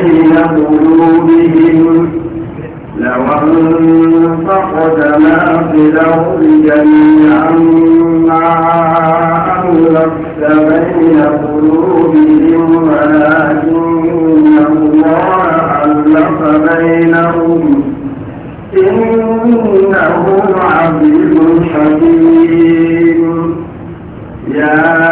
بين قلوبهم لو انفقد ما في الأرض جميعا ما أملكت بين قلوبهم ولكن الله ألف بينهم إنه حكيم يا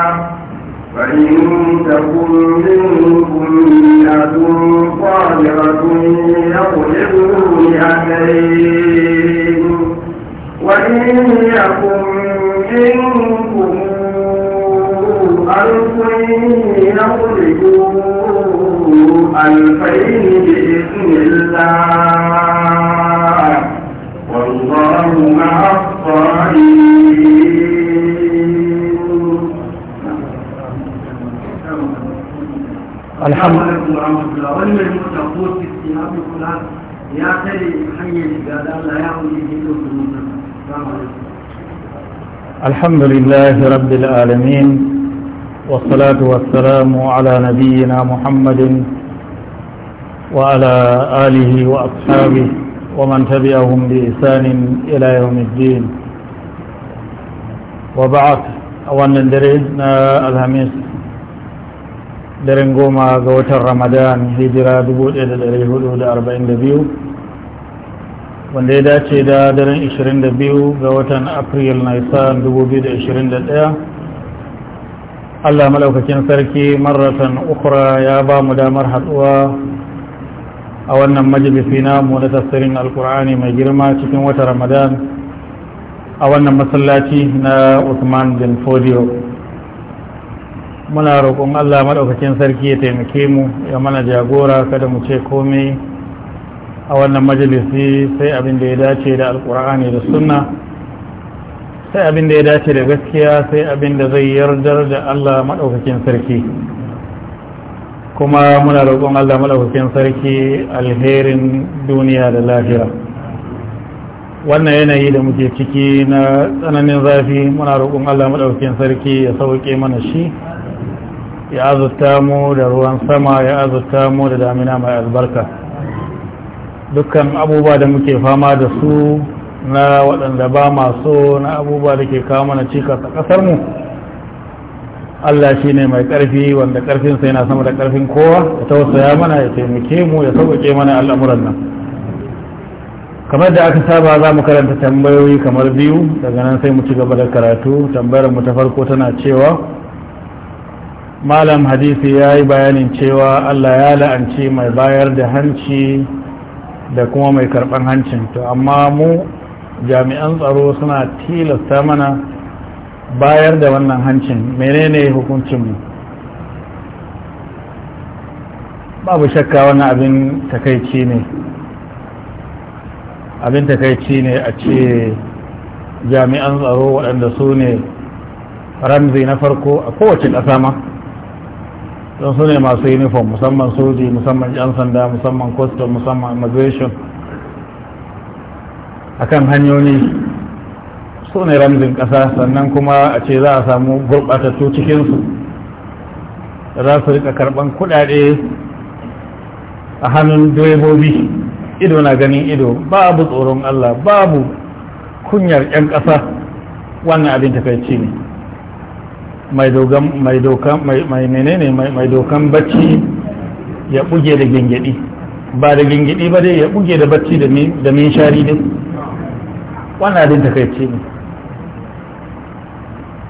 فإن تكن منكم مئة صابرة يغلبوا مئتين وإن يكن منكم ألف يغلبوا ألفين بإذن الله والله مع الصابرين الحمد الحمد لله رب العالمين والصلاة والسلام على نبينا محمد وعلى آله وأصحابه ومن تبعهم بإحسان إلى يوم الدين وبعث أولا درينا الهميس daren goma ga watan ramadan hijira 1442 wanda ya dace da daren 22 ga watan april na isa 2021 allah malaukakin sarki maratan ukura ya ba mu damar haduwa a wannan majalisi namu na tafsirin alkur'ani mai girma cikin watan ramadan a wannan masallaci na usman bin fodiyo muna roƙon Allah maɗaukakin sarki ya taimake mu ya mana jagora kada mu ce komai a wannan majalisi sai abin da ya dace da alƙur'ani da sunna sai abin da ya dace da gaskiya sai abin da zai yardar da Allah maɗaukakin sarki kuma muna roƙon Allah maɗaukakin sarki alherin duniya da lafiya wannan yanayi da muke ciki na tsananin zafi muna roƙon Allah maɗaukakin sarki ya sauke mana shi ya azurta mu da ruwan sama ya azurta mu da damina mai albarka dukkan abubuwa da muke fama da su na waɗanda ba maso na abubuwa da ke kawo mana cikas a ƙasarmu Allah shi ne mai ƙarfi wanda ƙarfinsa yana sama da ƙarfin kowa ya tausaya mana ya taimake mu ya sauƙaƙe mana al'amuran nan kamar da aka saba za mu karanta tambayoyi kamar biyu daga nan sai mu ci gaba da karatu tambayar mu ta farko tana cewa malam hadisi ya yi bayanin cewa allah ya la'anci mai bayar da hanci da kuma mai karban hancin to amma mu jami'an tsaro suna tilasta mana bayar da wannan hancin menene mu babu shakka wani abin takaici ne abin takaici ne a ce jami'an tsaro waɗanda su ne ramzi na farko a kowace ƙasa ma don su ne masu uniform musamman soji musamman yan sanda musamman custom musamman immigration akan hanyoyi su ne ramzin ƙasa sannan kuma a ce za a samu gurɓatattu cikinsu za su rika karɓan kuɗaɗe a hannun direbobi ido na ganin ido babu tsoron Allah babu kunyar 'yan ƙasa wannan abin takaici ne mai dogon mai dokan mai menene mai dokan bacci ya buge da gingidi ba da gingidi ba dai ya buge da bacci da min da min shari din wannan din takaice ne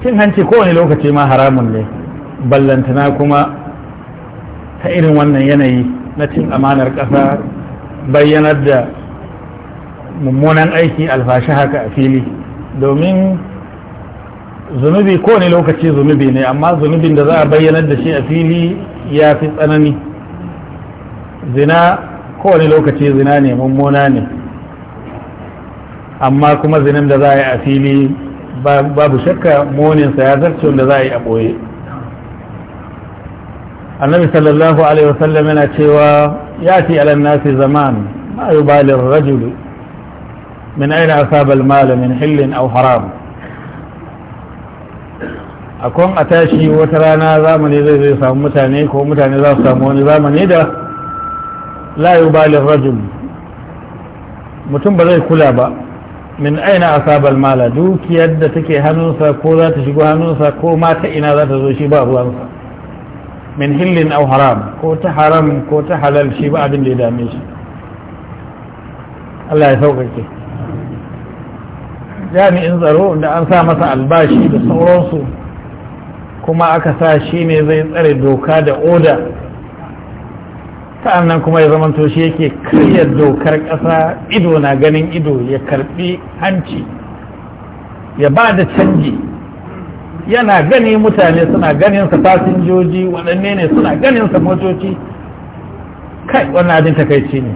cin hanci kowane lokaci ma haramun ne ballantana kuma ta irin wannan yanayi na cin amanar ƙasa bayyanar da mummunan aiki alfashi haka a fili domin zunubi ko ne lokaci zunubi ne amma zunubin da za a bayyanar da shi a fili ya fi tsanani zina kowane lokaci zina ne mummuna ne amma kuma zinin da za a yi a fili babu shakka moninsa ya zarce da za a yi a ɓoye annabi sallallahu alaihi wasallam yana cewa ya ci alan nasi zaman ma yubalin rajulu min aina asabal malamin hillin au haram akwai a tashi wata rana zamani zai zai samu mutane ko mutane za su samu wani zamani da layu balin rajul mutum ba zai kula ba min aina asabar mala dukiyar da take hannunsa ko za ta shigo hannunsa ko mata ina za ta zo shi ba ruwansa min hillin au haram ko ta haram ko ta halal shi ba abin da ya dame shi Allah ya sauƙaƙe jami'in tsaro da an sa masa albashi da sauransu kuma aka sa shi ne zai tsare doka da oda sa'annan kuma ya zama toshe yake karya dokar ƙasa ido na ganin ido ya karbi hanci ya ba da canji yana gani mutane suna ganin sa fasinjoji waɗanne ne suna ganin sa motoci kai wannan abin takaici ne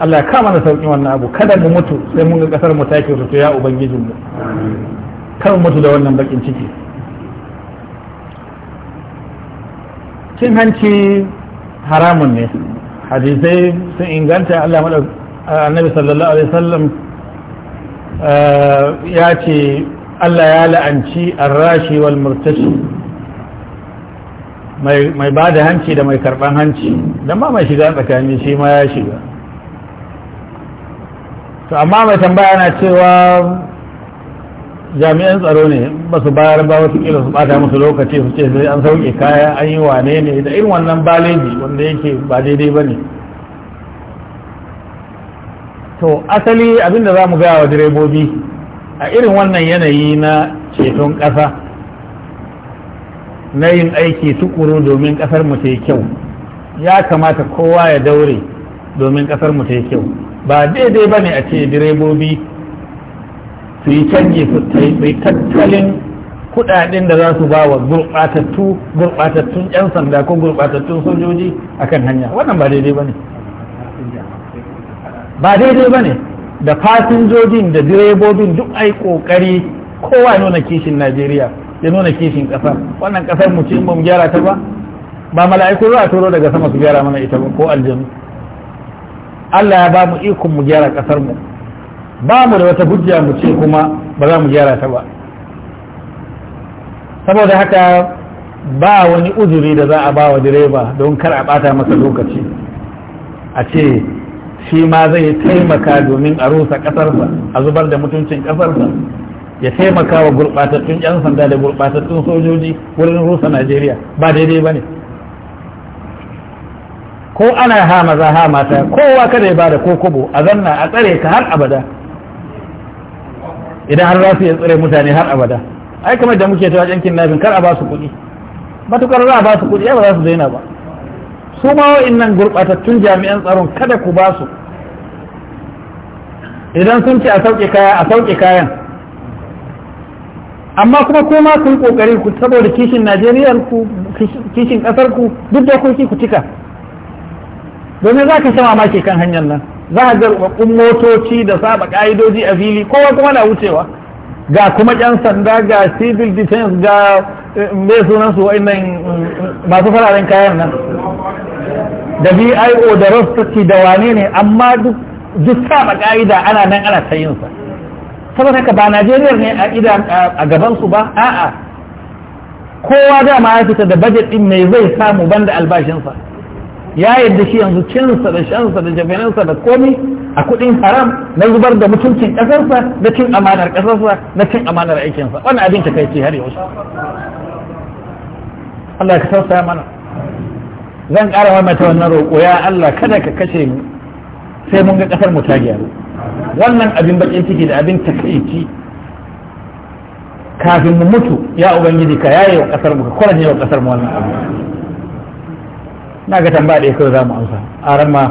Allah kama na sauƙi wannan abu kada mu mutu sai mun ga ƙasar mu take ya ubangijinmu kar mu mutu da wannan bakin ciki cin hanci haramun ne hadisai sun inganta Allah annabi sallallahu alaihi wasallam ya ce Allah ya la'anci arrashi wal murtashi mai ba da hanci da mai karban hanci don ma mai shiga tsakani shi ma ya shiga to amma mai tambaya na cewa jami'an tsaro ne ba su bayar ba wasu kila su bata musu lokaci su ce sai an sauke kaya an yi wane ne da irin wannan baleji wanda yake ba daidai ba ne to asali abinda za mu gaya wa direbobi a irin wannan yanayi na ceton ƙasa na yin aiki tukuru domin ƙasar mu ta yi kyau ya kamata kowa ya daure domin ƙasar mu ta yi kyau ba daidai ba ne a ce direbobi su yi canji su yi tattalin kudaden da za su ba wa gurbatattu gurbatattun yan sanda ko gurbatattun sojoji akan hanya wannan ba daidai bane ba daidai bane da fasinjojin da direbobin duk ai kokari kowa nuna kishin Najeriya ya nuna kishin kasa wannan kasar mu ce ba mu gyara ta ba ba mala'iku za a turo daga sama su gyara mana ita ba ko aljanu Allah ya ba mu ikon mu gyara kasar mu ba mu da wata hujja mu ce kuma ba za mu gyara ta ba saboda haka ba wani uzuri da za a ba wa direba don kar a bata masa lokaci a ce shi ma zai taimaka domin a rusa kasarsa a zubar da mutuncin kasarsa ya taimaka wa gurɓatattun 'yan sanda da gurɓatattun sojoji wurin rusa najeriya ba daidai ba ne ko ana ha maza ha mata kowa kada ya bada ko kobo a zanna a tsare ka har abada idan har za su iya tsire mutane har abada ai kamar da muke ta wajen nafin kar a ba su kuɗi matukar za a ba su kuɗi ai ba za su daina ba su ma nan gurɓatattun jami'an tsaron kada ku ba su idan sun ce a sauke kaya a sauke kayan amma kuma ko ma kun kokari ku saboda kishin Najeriya ku kishin kasar ku duk dokoki ku cika domin za ka ma mamaki kan hanyar nan za a zarbabbun motoci da saba ka'idoji a fili kowa kuma na wucewa ga kuma yan sanda ga civil defense ga eh, mai sunansu su eh, masu fararen kayan nan da vio da rostoci da wane ne amma duk saba ka'ida ana nan ana ta yinsa saboda haka ba najeriya ne a idan a gabansu ba a'a kowa dama ya fita da bajet ɗin mai zai samu banda albashinsa ya yadda shi yanzu cinsa da shansa da jafinansa da komi a kudin haram na zubar da mutuncin ƙasarsa na cin amanar ƙasarsa na cin amanar aikinsa wani abin ta kai ce har yaushe Allah ka ya mana zan ƙara wa mata wannan roƙo ya Allah kada ka kashe mu sai mun ga kasar mu ta gyaru wannan abin bakin ciki da abin takaici kafin mu mutu ya ubangiji ka yayi wa ƙasar mu ka kwarje wa kasar mu wannan abin. na ga tambaya da kawai za mu amsa a ran ma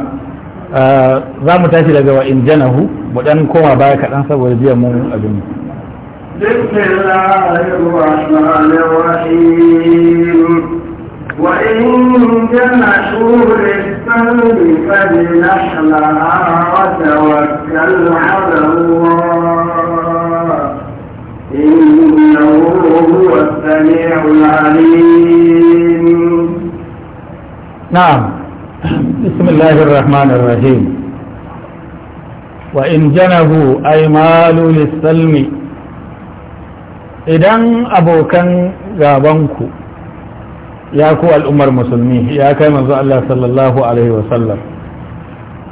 za mu tashi daga wa injanahu mu dan koma baya kaɗan saboda biyan mun abin بسم الله الرحمن الرحيم وإن جنحوا للسلم فاجنح وتوكل على الله إنه هو السميع العليم نعم بسم الله الرحمن الرحيم وإن جنبوا أي مالوا للسلم إذن أبوكا غابنكو ya ku al'ummar musulmi ya kai manzo Allah sallallahu alaihi wasallam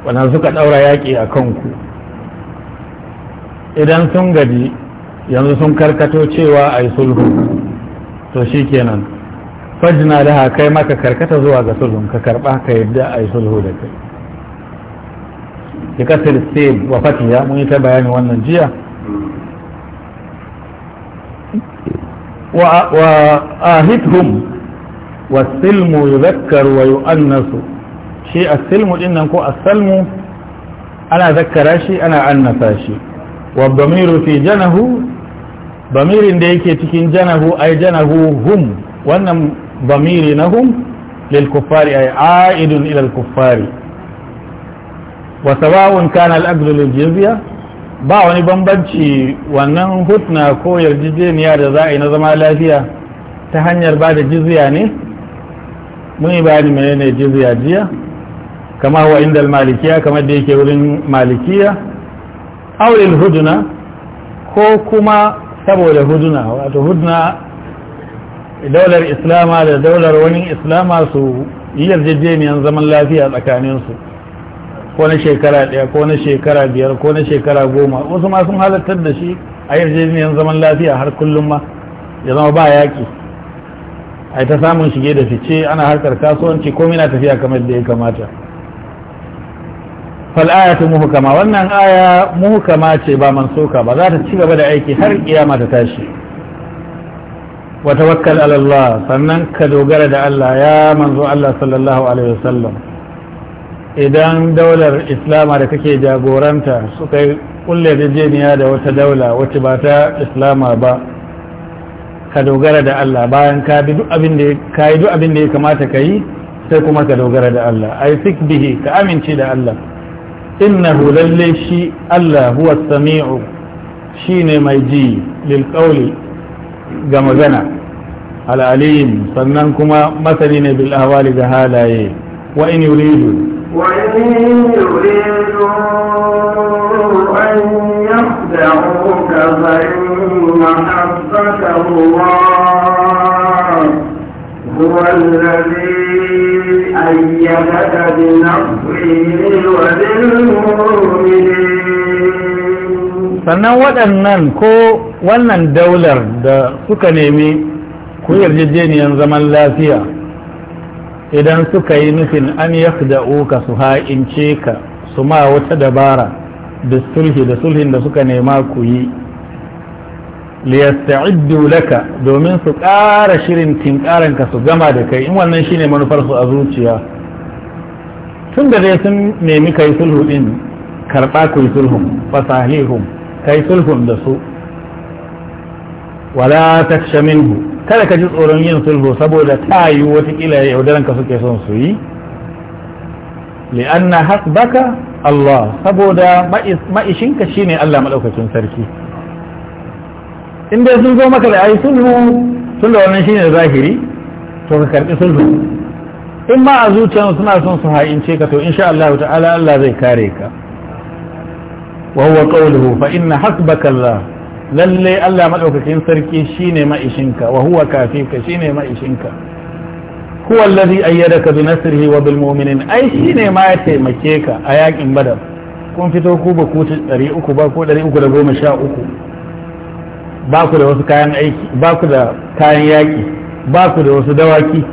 wannan suka ɗaura yaƙi a kanku idan sun gaji yanzu sun karkato cewa a sulhu to shikenan fajina laha kai maka karkata zuwa ga sulhun ka karba ka yadda a yi sulhu da kai ki kasir sai wa fatiya mun yi ta bayani wannan jiya wa ahidhum wa silmu yuzakkar wa yu'annasu shi as-silmu din nan ko as-salmu ana zakkara shi ana annasa shi wa damiru fi janahu damirin da yake cikin janahu ai janahu hum wannan ضمير نهم للكفار أي عائد إلى الكفار وسواء كان الأجل للجزية ba wani bambanci wannan hutna ko yarjejeniya da za a yi na zama lafiya ta hanyar bada da ne mun yi bayani menene jizya jiya kama wa inda malikiya kamar da yake wurin malikiya auril huduna ko kuma saboda huduna wato hudna daular islama da daular wani islama su yi yarjejeniyar zaman lafiya tsakaninsu ko na shekara ɗaya ko na shekara biyar ko na shekara goma wasu ma sun halartar da shi a yarjejeniyar zaman lafiya har kullum ma ya zama ba yaƙi a ta samun shige da fice ana harkar kasuwanci ko mina tafiya kamar da ya kamata fal'ayatu muhukama wannan aya muhukama ce ba man soka ba za ta ci gaba da aiki har kiyama ta tashi Wata tawakkal ala sannan ka dogara da Allah ya manzo Allah sallallahu alaihi wasallam idan daular islama da kake jagoranta suka yi kulle rijeniya da wata daula wacce ba ta islama ba ka dogara da Allah bayan ka bi duk abin da ka yi duk abin da ya kamata ka yi sai kuma ka dogara da Allah ai sik bihi ka amince da Allah innahu lalle shi Allah huwa samiu shine mai ji lil qawli ga magana al'alim sannan kuma masani ne bil ahwali da halaye wa in yuridu wa in yuridu an يَخْدَعُكَ fa inna haqqaka Allah huwa alladhi ayyadaka bi sannan waɗannan ko wannan daular da suka nemi ku yarjejeniyar zaman lafiya idan suka yi nufin an ka su ha'ince ka su ma wata dabara da sulhi da sulhin da suka nema ku yi liyasta'iddu laka domin su ƙara shirin tinƙaran ka su gama da kai in wannan shine manufar su a zuciya tun da dai sun nemi kai sulhu din karɓa ku yi sulhun fasahihun kai sulhun da su wala taksha minhu kada ka ji tsoron yin sulhu saboda ta yi watakila yaudaran ka suke son su yi li'anna hasbaka Allah saboda ma'ishinka shine Allah madaukakin sarki in dai sun zo maka da ai sulhu tun da wannan shine zahiri to ka karbi sulhu in ma a zuciyar suna son su ha'ince ka to insha Allah ta'ala Allah zai kare ka wa huwa qawluhu fa inna hasbaka Allah lalle Allah madaukakin sarki shine maishinka wa huwa kafika shine maishinka huwa alladhi ayyadaka bi nasrihi wa bil mu'minin ai shine ma ya taimake ka a yakin badar kun fito ku ba ku 300 ba ko 313 ba ku da wasu kayan aiki ba ku da kayan yaki ba ku da wasu dawaki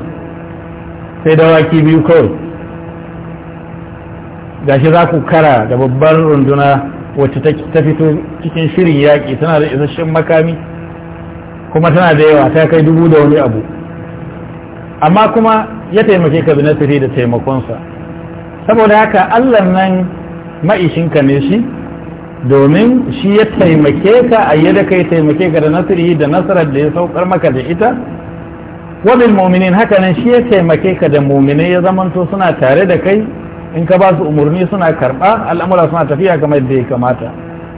sai dawaki biyu kawai gashi za ku kara da babbar runduna wacce ta fito cikin shirin yaƙi tana da isasshen makami kuma tana da yawa ta kai dubu da wani abu amma kuma ya taimake ka binasiri da taimakonsa saboda haka allah nan ma'ishinka ne shi domin shi ya taimake ka a yadda kai taimake ka da nasiri da nasarar da ya saukar maka da ita wabil muminin haka nan shi ya taimake ka da muminai ya zamanto suna tare da kai in ka ba su umarni suna karɓa al'amura suna tafiya kamar da ya kamata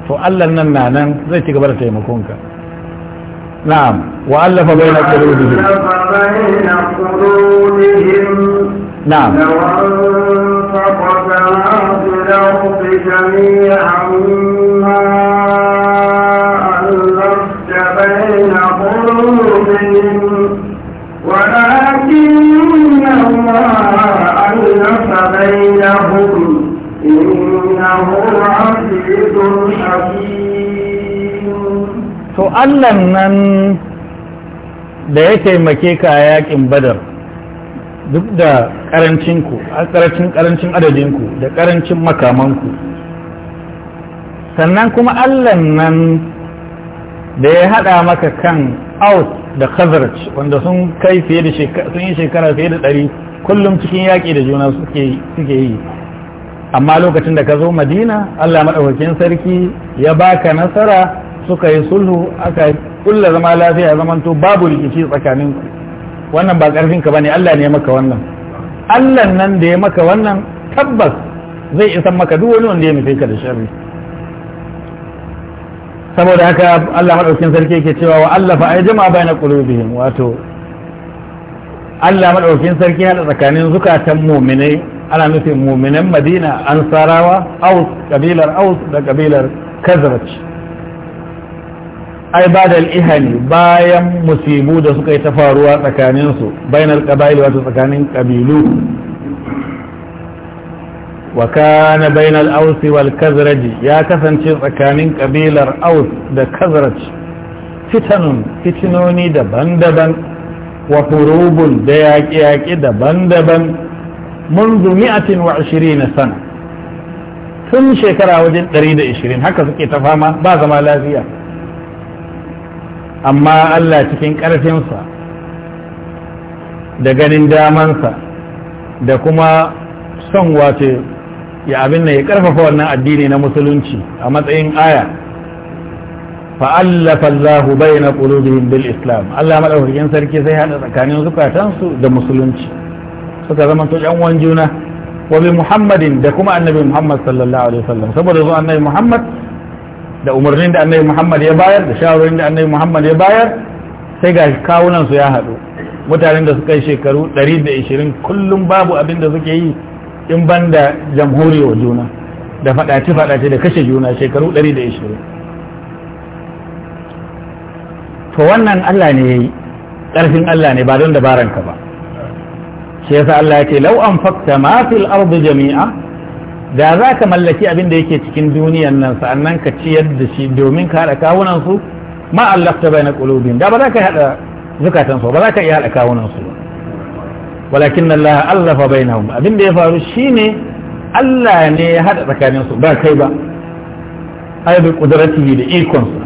to Allah nan na nan zai ci gaba da taimakonka na'am wa allafa baina qulubihim na'am na'am to Allah nan da ya taimake ka a yaƙin badar duk da a ƙarancin ƙarancin adadinku da ƙarancin makamanku sannan kuma Allah nan da ya haɗa maka kan out da khazraj wanda sun kai fiye da shekara fiye da ɗari kullum cikin yaƙi da juna suke yi amma lokacin da ka zo madina allah maɗaukakin sarki ya baka nasara suka yi sulhu aka kulla zama lafiya zamanto babu rikici tsakanin wannan ba ƙarfin ka bane allah ne ya maka wannan allah nan da ya maka wannan tabbas zai isan maka duk wani wanda ya mafi ka da sharri saboda haka allah maɗaukakin sarki yake cewa wa allah fa ai jama'a bayan qulubihim wato allah maɗaukakin sarki hada tsakanin zukatan mu'minai ana nufin muminan madina an sarawa aus kabilar aus da kabilar kazraj ai ba da ihani bayan musibu da suka yi ta faruwa tsakaninsu bainar ƙabail wata tsakanin ƙabilu wa kana bainal aus wal kazraj ya kasance tsakanin kabilar aus da kazraj fitanun fitinoni daban-daban wa furubun da yaƙi-yaƙi daban-daban Mun منذ 120 sana tun shekara wajen 120 haka suke ta fama ba zama lafiya amma Allah cikin karfinsa da ganin damansa da kuma son wace ya abin da ya karfafa wannan addini na musulunci a matsayin aya fa'allafa Allahu bai na ƙulubihim bil Islam Allah maɗaukakin sarki zai haɗa tsakanin zukatansu da musulunci suka zama to yan uwan juna wa bi muhammadin da kuma annabi muhammad sallallahu alaihi wasallam saboda zuwa annabi muhammad da umarnin da annabi muhammad ya bayar da shawarin da annabi muhammad ya bayar sai ga kawunan su ya haɗu mutanen da suka yi shekaru 120 kullum babu abin da suke yi in ban da jamhuri wa juna da faɗace faɗace da kashe juna shekaru 120 to wannan Allah ne yayi ƙarfin Allah ne ba don dabaranka ba shi yasa Allah ya ce law fakta ma fil ardi jami'a da za ka mallaki abin da yake cikin duniyan nan sa'annan ka ciyar da shi domin ka haɗa kawunan su ma allafta bayna qulubin da ba za ka haɗa zukatan su ba za ka iya haɗa kawunan su walakin Allah allafa bainahum abin da ya faru shine Allah ne ya haɗa tsakanin su ba kai ba ai bi qudratihi da ikon sa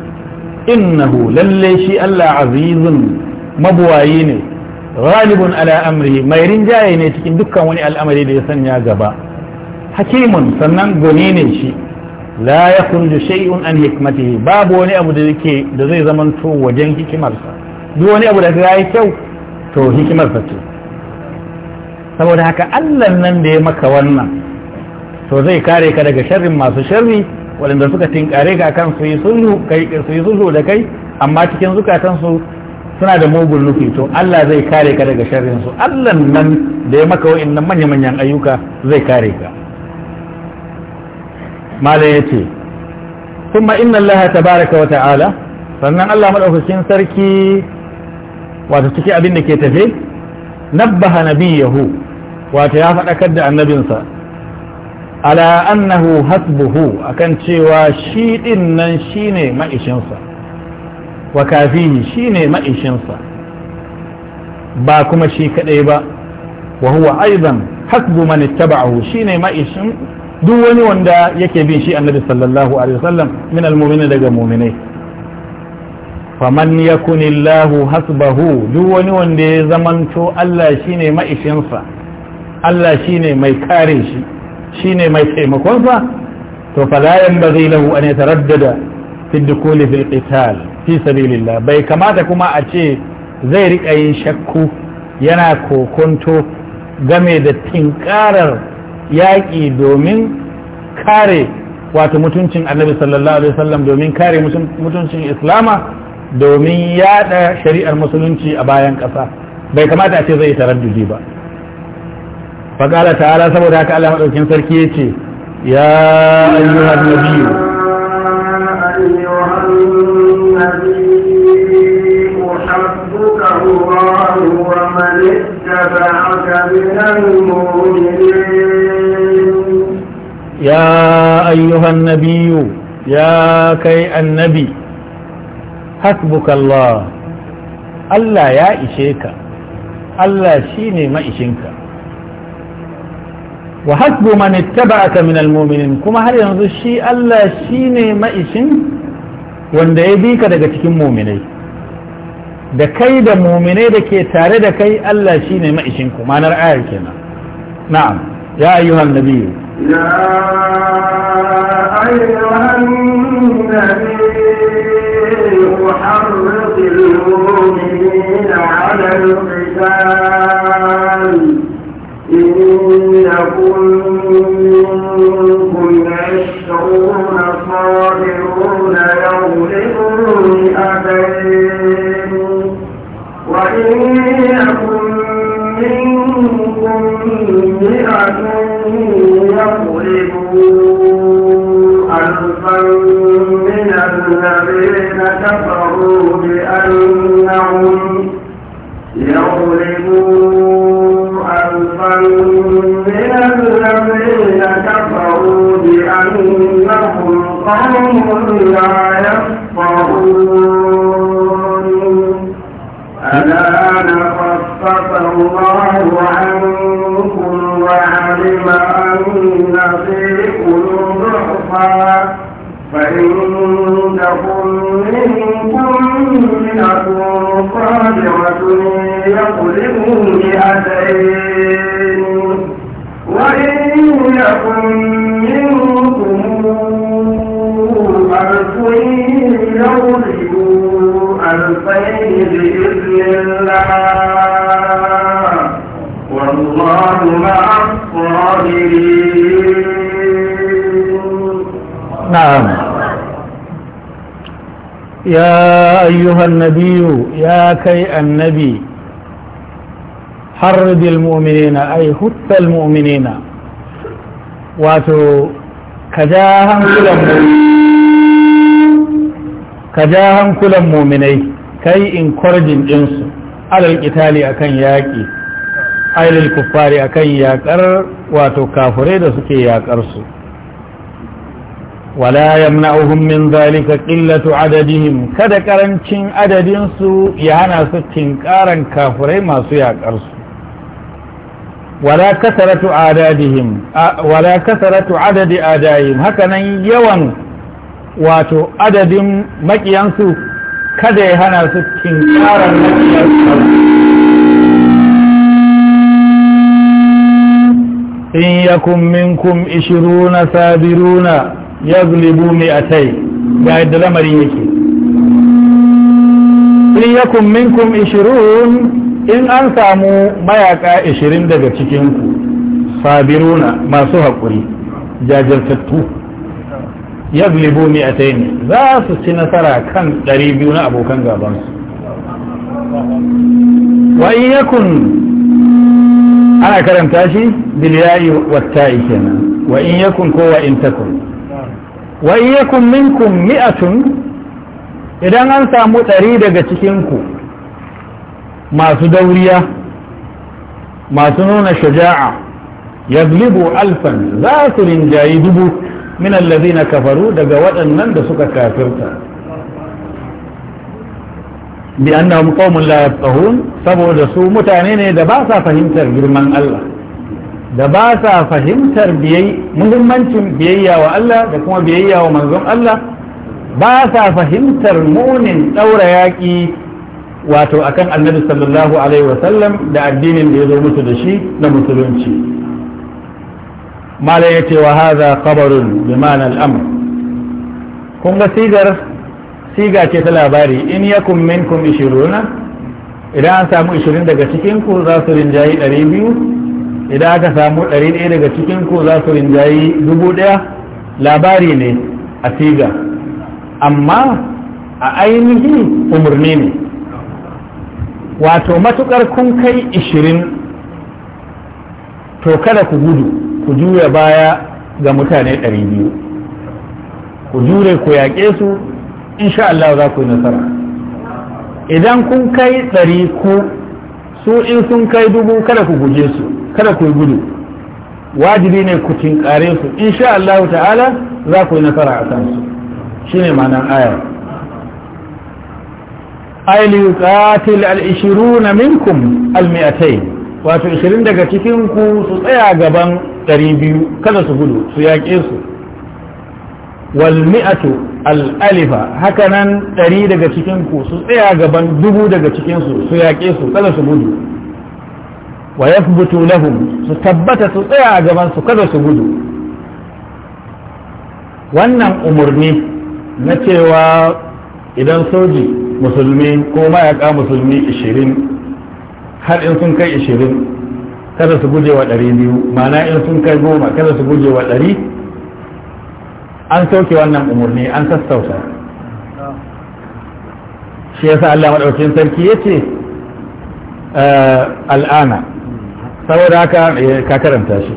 innahu lalle shi Allah azizun mabuwayi ne ghalibun ala amri mai rinjaye ne cikin dukkan wani al'amari da ya sanya gaba hakimun sannan goni ne shi la ya kunju shay'un an hikmatihi babu wani abu da yake da zai zama to wajen hikimarsa duk wani abu da ya yi kyau to hikimarsa ce saboda haka Allah nan da ya maka wannan to zai kare ka daga sharrin masu sharri waɗanda suka tinkare ka kan su yi sulhu da kai amma cikin zukatansu suna da mugun nufi to Allah zai kare ka daga sharrin su Allah nan da ya maka wa'annan manya manyan ayyuka zai kare ka ya ce kuma inna Allah tabaraka wa ta'ala sannan Allah madaukakin sarki wato ciki abin da ke tafe nabbaha nabiyahu wato ya faɗakar da annabinsa ala annahu hasbuhu akan cewa shi din nan shine ma'ishinsa wa kafini ne ma'ishinsa ba kuma shi kaɗai ba wa huwa aidan hasbu man ittaba'ahu shine ma'ishin duk wani wanda yake bin shi annabi sallallahu alaihi wasallam min almu'minin daga mu'minai faman yakunillahu hasbahu duk wani wanda ya zamanto Allah shine ma'ishinsa Allah shine mai kare shi shine mai taimakonsa to fala yanbaghi lahu an yataraddada fi dukuli fil qital fi sabilillah bai kamata kuma a ce zai riƙa yin shakku yana kokonto game da tinkarar yaƙi domin kare wato mutuncin annabi sallallahu alaihi wasallam domin kare mutuncin islama domin yada shari'ar musulunci a bayan ƙasa bai kamata a ce zai taraddudi ba faƙala ta'ala saboda haka Allah maɗaukin sarki ya ce ya na biyu. اتبعك من المؤمنين يا أيها النبي يا Allah ya ishe ka Allah shi ne ma'ishinka wa hasbu man ittaba'aka min almu'minin kuma har yanzu shi Allah shine ma'ishin wanda ya bi ka daga cikin muminai da kai da muminai da ke tare da kai Allah shi ne ma'ishinku manar ayar kenan na'am ya ayyuhan nabi ya ayyuhan nabi حرق المؤمنين على القتال إن يكن عشرون صابرون يغلبوا مئتين وإن يكن منكم مئة يغلبوا ألفا من الذين كفروا بأنهم يغلبوا ألفا من الذين كفروا بأنهم قوم لا يفقهون الآن خفف الله عنكم وعلم أن فيكم ضعفا فإن تكن منكم مئة صابرة يغلبوا مئتين وإن يكن منكم ألف يغلبوا ألفين والله مع نعم يا أيها النبي يا كي النبي حرد المؤمنين أي خط المؤمنين واتو كجاهم كل كجاهم كل مؤمنين كي إن كرد ɗinsu alal qitali akan yaki ailil a akan yaƙar, wato kafurai da suke yaƙar su wala yamna'uhum min zalika qillatu adadihim kada karancin adadinsu ya hana su tinkaran kafurai masu yaƙar su wala kasaratu adadihim adadi adayim hakanan yawan wato adadin maƙiyansu. kada ya hana su tinkarar makiyar in yakun minkum ishiruna sabiruna yaglibu tai ga yadda lamarin yake in yakun minkum ishirun in an samu mayaka ishirin daga cikinku sabiruna masu haƙuri jajirtattu yaglibu mi'atayn za su ci nasara kan 200 na abokan gaban su wa in yakun ana karanta shi bil ya'i wat ta'i kenan wa in yakun kowa in takun wa in yakun minkum mi'atun idan an samu ɗari daga cikinku masu dauriya masu nuna shaja'a yaglibu alfan za su rinjayi dubu min na kafaru daga waɗannan da suka kafirta bi annahum qaumun la yafqahun saboda su mutane ne da ba sa fahimtar girman Allah da ba sa fahimtar muhimmancin biyayya wa Allah da kuma biyayya wa manzon Allah ba sa fahimtar munin ɗaura yaƙi wato akan annabi sallallahu alaihi wasallam da addinin da ya zo musu da shi na musulunci Malam ya ce wa haza kabarun bi al’amur kun ga sigar siga ce ta labari in ya kummin kun ishiruna idan an samu ishirin daga cikinku za su rinjayi ɗari biyu idan aka samu ɗari ɗaya daga cikinku za su rinjayi dubu ɗaya labari ne a siga amma a ainihi umarni ne wato matukar kun kai ishirin to kada ku gudu ku juya baya ga mutane ɗari biyu ku jure ku yaƙe su insha Allah za ku yi nasara idan kun kai ɗari ku su in sun kai dubu kada ku guje su kada ku yi gudu wajibi ne ku tinkare su insha Allah ta'ala za ku yi nasara a kansu Shi ne ma'anar ayar ay yuqatil al 20 minkum al 200 wato 20 daga cikin ku su tsaya gaban ɗari biyu kada su gudu su yaƙe su wal mi'atu al'alifa hakanan ɗari daga cikin ku su tsaya gaban dubu daga cikin su su yaƙe su kada su gudu wa yathbutu lahum su tabbata su tsaya a gaban su kada su gudu wannan umarni na cewa idan soji musulmi ko mayaka musulmi 20 har in sun kai 20 kada su guje wa ɗari biyu mana in sun kai goma kada su guje wa ɗari an sauke wannan umarni an sassauta shi yasa Allah maɗaukin sarki ya ce eh, al'ana saboda haka eh, ka karanta shi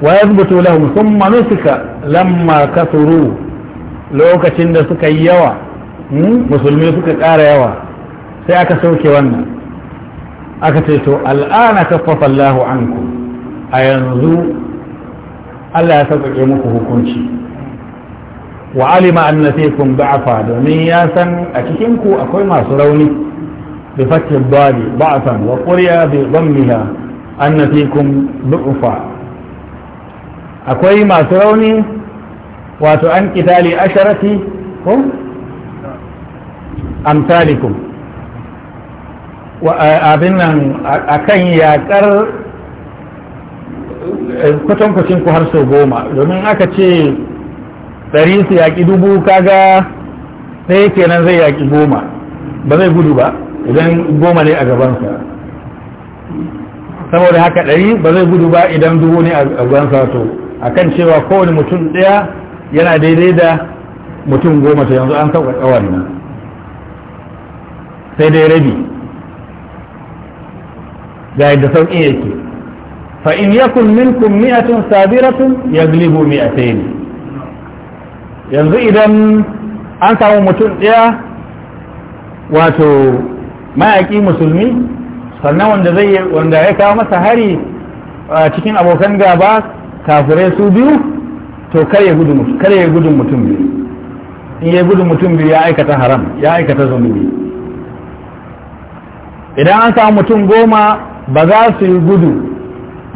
wa ya zubutu lahum sun manusuka lamma kasuru lokacin da suka yi yawa hmm, musulmi suka ƙara yawa sai aka sauke wannan aka ce to al'ana kaffafa Allahu anku a yanzu Allah ya sauƙaƙe muku hukunci wa alima anna fikum domin ya san a cikin ku akwai masu rauni bi fathi dali ba'fan wa quriya bi dhammiha anna fikum du'fa akwai masu rauni wato an qitali asharati ko amsalikum abin nan a kan yaƙar eh, kwatankwacin ku har sau goma domin aka ce ɗari su yaƙi dubu kaga ɗaya kenan zai yaƙi goma ba zai gudu ba idan goma ne a gabansa saboda haka ɗari ba zai gudu ba idan dubu ne a gabansa to a kan cewa kowane mutum ɗaya yana daidai da mutum goma ta yanzu an ƙawar nan sai dai rabi ga yadda sauƙi yake fa in yakun minkum mi'atun sabiratun yaglibu mi'atayn yanzu idan an samu mutum ɗaya wato mayaƙi musulmi sannan wanda zai wanda ya kawo masa hari a cikin abokan gaba kafirai su biyu to kar ya gudu kar ya gudu mutum biyu in ya gudu mutum biyu ya aikata haram ya aikata zunubi idan an samu mutum goma ba za su yi gudu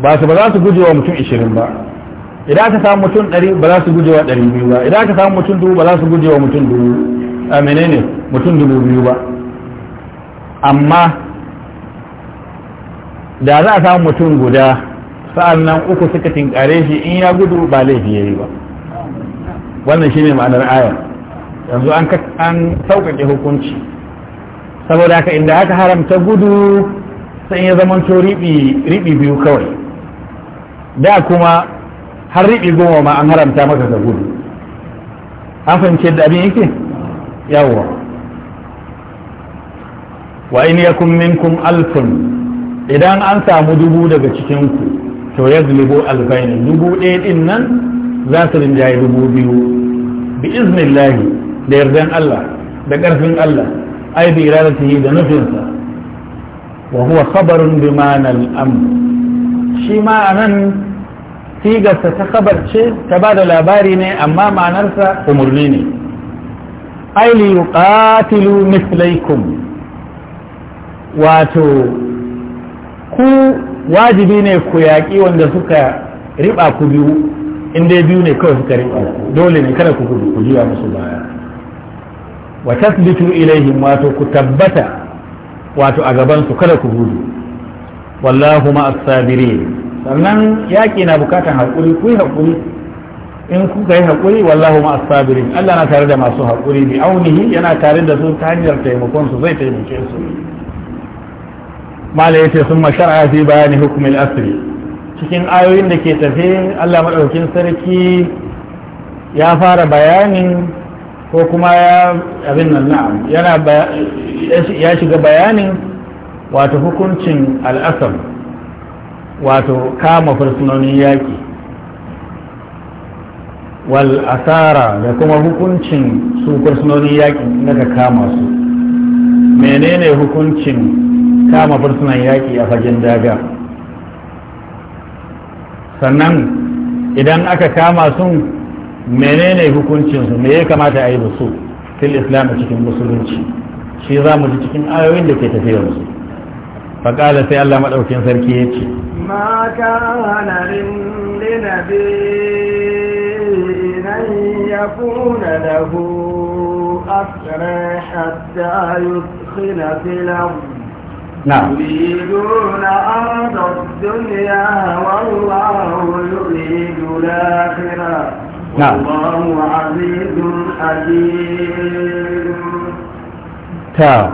ba su ba za su guje wa mutum 20 ba idan ka samu mutum 100 ba za su guje wa 200 ba idan ka samu mutum 2 ba za su guje wa mutum 2 a menene mutum 200 ba amma da za a samu mutum guda sa'an nan uku suka tinkare shi in ya gudu ba laifi yayi ba wannan shine ma'anar ayar yanzu an sauƙaƙe hukunci saboda haka inda aka haramta gudu sai ya to riɓi biyu kawai da kuma har riɓi goma ma an haramta maka ka gudu an fahimci da abin yake yawwa wa in yakun minkum alfun idan an samu dubu daga cikinku to ya zulibo alfaini dubu ɗaya ɗin nan za su rinjaye dubu biyu bi iznillahi da yardan Allah da ƙarfin Allah ai bi iradatihi da nufinsa wa huwa khabarun bi ma'anal amr shi ma anan sigarsa ta khabar ce ta bada labari ne amma ma'anarsa umurni ne aili yuqatilu mislaikum wato ku wajibi ne ku yaƙi wanda suka riba ku biyu inda biyu ne kawai suka riba dole ne kada ku gudu ku jiya musu baya wa tasbitu ilaihim wato ku tabbata wato a gabansu kada ku gudu wallahu ma asabiri sannan yaƙi na bukatan haƙuri ku yi haƙuri in kuka yi haƙuri wallahu ma asabiri Allah na tare da masu haƙuri bi aunihi yana tare da su ta hanyar taimakon su zai taimake su mala yace sun mashara fi bayani hukumin asiri cikin ayoyin da ke tafe Allah madaukakin sarki ya fara bayanin ko kuma ya abin nan na'am yana ya shiga bayanin wato hukuncin al'asam wato kama fursunonin yaƙi wal asara da kuma hukuncin su fursunonin yaƙi daga kama su menene hukuncin kama fursunan yaƙi a fagen daga sannan idan aka kama sun menene hukuncinsu me ya kamata a yi da su fil islam a cikin musulunci shi za mu ji cikin ayoyin da ke tafiyar su faƙala sai Allah maɗaukin sarki ya ce ma kana linabi nan ya kuna da lahu asra hatta yudkhila fil نعم يريدون أرض الدنيا والله يريد الآخرة نعم والله عزيز حكيم تا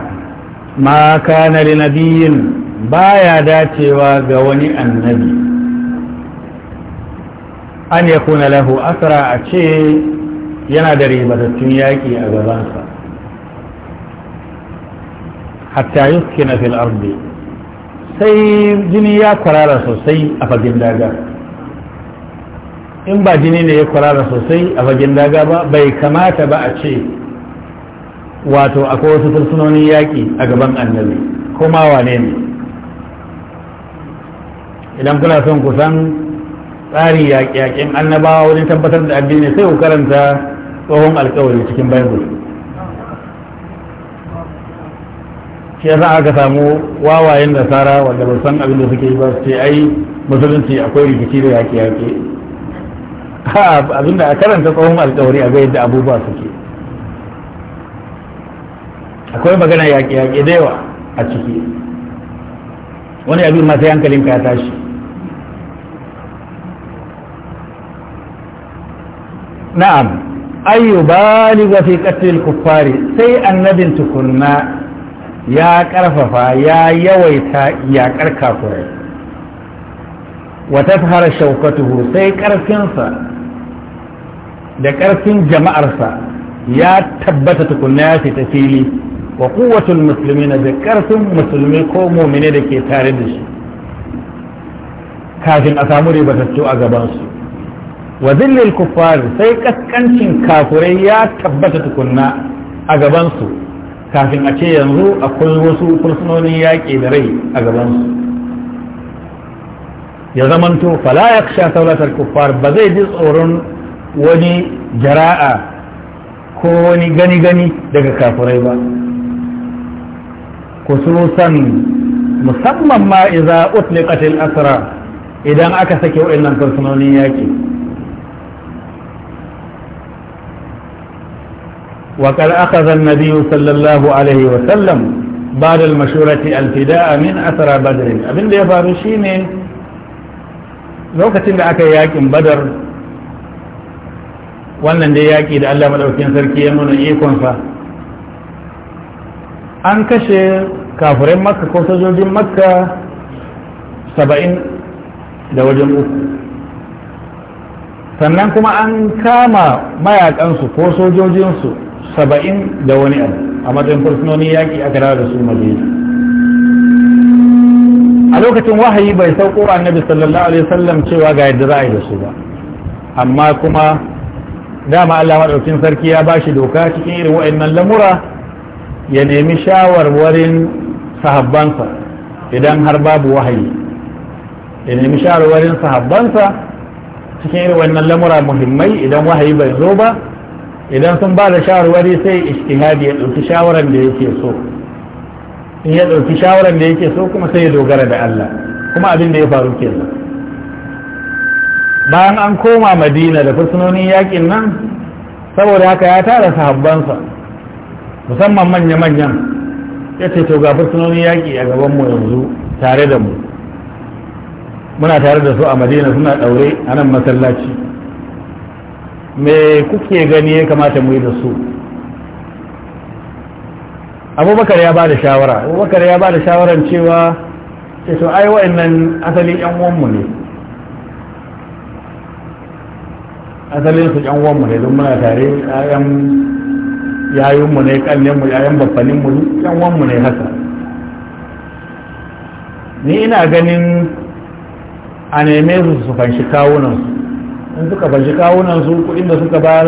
ما كان لنبي بايا داتيوا غوني النبي أن يكون له أسرى أشي ينادري بسطن ياكي أغبانسا حتى يسكن في الأرض sai jini ya kwarara sosai a fagen daga in ba jini ne ya kwarara sosai a fagen daga ba bai kamata ba a ce wato akwai wasu fursunonin yaƙi a gaban annabi kuma wane ne idan kuna son kusan san tsarin yaƙin annabawa wajen tabbatar da addini sai ku karanta tsohon alkawari cikin bible shi yasa aka samu wawayen da sara wanda ba san abin da suke yi ba su ce ai musulunci akwai rikici da yaƙi-yaƙi. abinda a karanta tsohon alkawari a ga yadda abubuwa suke akwai magana yaƙe-yaƙe da yawa a ciki wani abin masu yankalin ka ya tashi na'am ayyu ga fi kuffari sai annabin tukunna ya karfafa ya yawaita ya kafirai wa tafhara shaukatu sai karfinsa da ƙarfin jama'arsa ya tabbata tukunna ya ce ta fili wa kuwatul musulmi na da ƙarfin musulmi ko mumine da ke tare da shi kafin a samu ribatattu a gabansu wa zillil kuffar sai ƙasƙancin kafurai ya tabbata tukunna a gabansu kafin a ce yanzu akwai wasu fursunonin yaƙi da rai a gabansu ya zamanto fala ya kusha saulatar kuffar ba zai ji tsoron wani jara'a ko wani gani-gani daga kafurai ba kusurusan musamman ma iza utliqatil asra idan aka sake waɗannan fursunonin yaƙi وقد أخذ النبي صلى الله عليه وسلم بعد المشورة الفداء من أثر بدر أبن ليفارشيني لو كتن أكا ياكم بدر wannan dai yaƙi da Allah maɗaukin sarki ya nuna ikonsa an kashe kafirai makka ko sojojin makka saba'in da wajen uku sannan kuma an kama mayakansu ko sojojinsu saba'in da wani abu a matsayin fursunoni yaƙi aka dawo da su madina a lokacin wahayi bai sauko annabi sallallahu alaihi wasallam cewa ga yadda za a yi da su ba amma kuma dama Allah maɗaukin sarki ya bashi doka cikin irin wa'annan lamura ya nemi shawarwarin sahabbansa idan har babu wahayi ya nemi shawarwarin sahabbansa cikin irin wa'annan lamura muhimmai idan wahayi bai zo ba idan sun ba da shawarwari sai ishtihadi ya ɗauki shawaran da yake so in ya ɗauki shawaran da yake so kuma sai ya dogara da Allah kuma abin da ya faru kenan bayan an koma madina da fursunonin yakin nan saboda haka ya tara sahabbansa musamman manya-manyan ya ce to ga fursunonin yaki a gabanmu yanzu tare da mu muna tare da su a madina suna ɗaure a nan masallaci me kuke gani ya kamata mu yi da su abubakar ya ba da shawara abubakar ya ba da shawaran cewa ce to ai wa'annan asalin yan uwanmu ne asalin su yan uwan mu ne don muna tare yayan yayun mu ne kallon mu yayan babbanin mu yan uwan ne haka ni ina ganin a neme su su fanshi kawunan su in suka fanshi kawunan su kuɗin da suka bayar